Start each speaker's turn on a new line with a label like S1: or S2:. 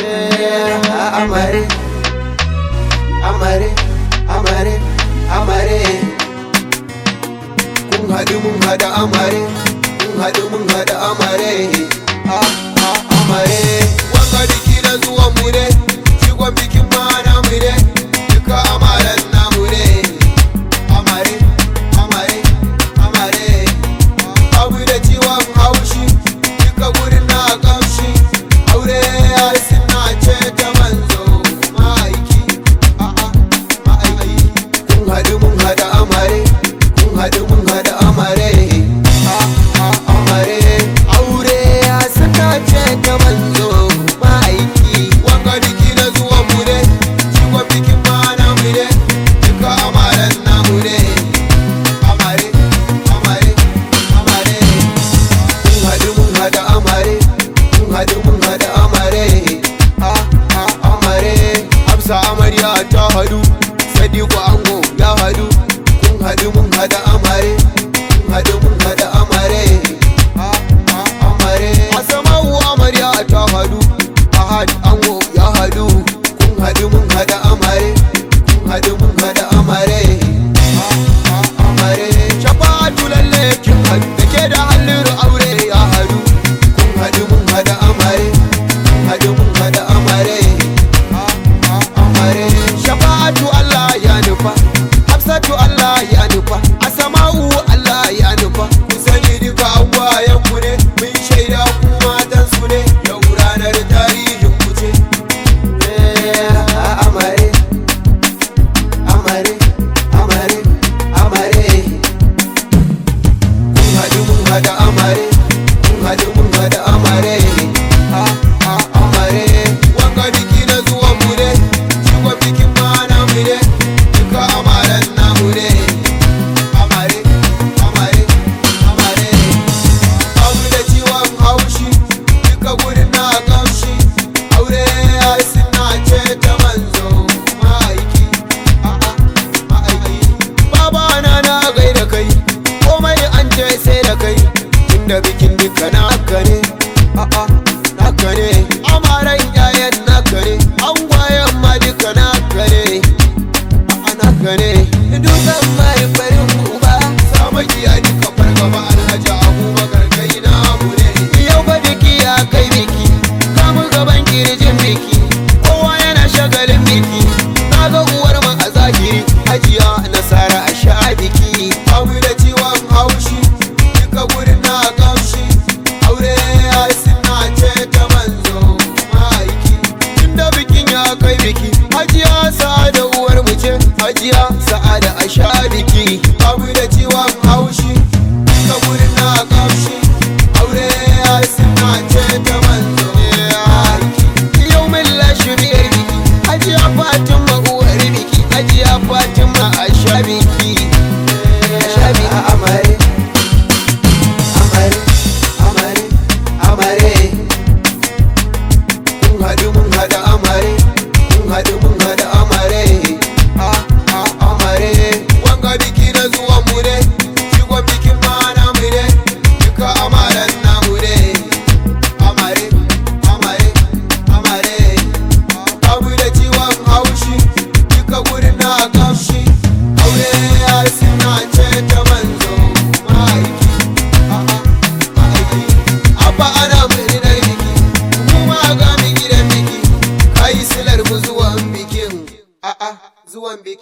S1: Yeah, I, I'm ready. I'm ready. I'm ready. I'm ready. it. Kun haɗu mun amare. Kun haɗu mun haɗa amare. hada amare mun hadu mun hada amare amare aure ya saka ce ta manzo ma'aiki wanga biki na zuwa mu ne shi kwa bikin ma na mu ne duka amaren na mu ne amare amare amare mun hadu mun hada amare Kun hadu mun hada amare amare amsa amarya ta hadu sadiku haɗu mun haɗa amare haɗu mun haɗa amare amare a samawu amarya ta haɗu a haɗu kai inda bikin duka na ne a'a sa'ada a sha biki abu da ciwon Vicky.